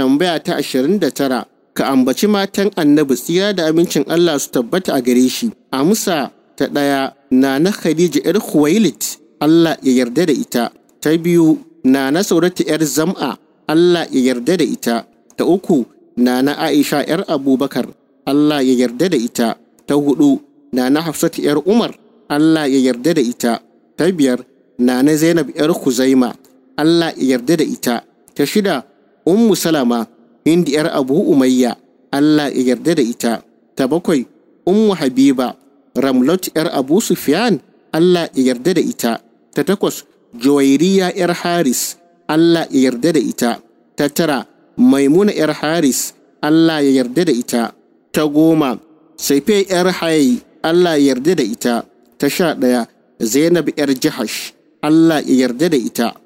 tambaya ta ashirin da tara, ka ambaci matan annabi tsira da abincin Allah su tabbata a gare shi amsa ta ɗaya na na Khadija ‘yar Khuwailit Allah ya yarda da ita ta biyu na na saurata ‘yar Zam'a Allah ya yarda da ita ta uku na na Aisha ‘yar Abubakar Allah ya yarda da ita ta hudu na na Hafsatu ‘yar Umar Allah ya yarda da ita ta biyar na na Zainab ‘yar Kuzaima Allah ya yarda da ita ta shida ummu salama inda yar abu umayya Allah ya yarda da ita ta bakwai ummu habiba ramlot yar abu sufyan Allah ya yarda da ita ta takwas juwairiya yar haris Allah ya yarda da ita ta tara maimuna yar haris Allah ya yarda da ita ta goma saife yar hayi Allah ya yarda da ita ta sha ɗaya zainab yar jihash Allah ya yarda da ita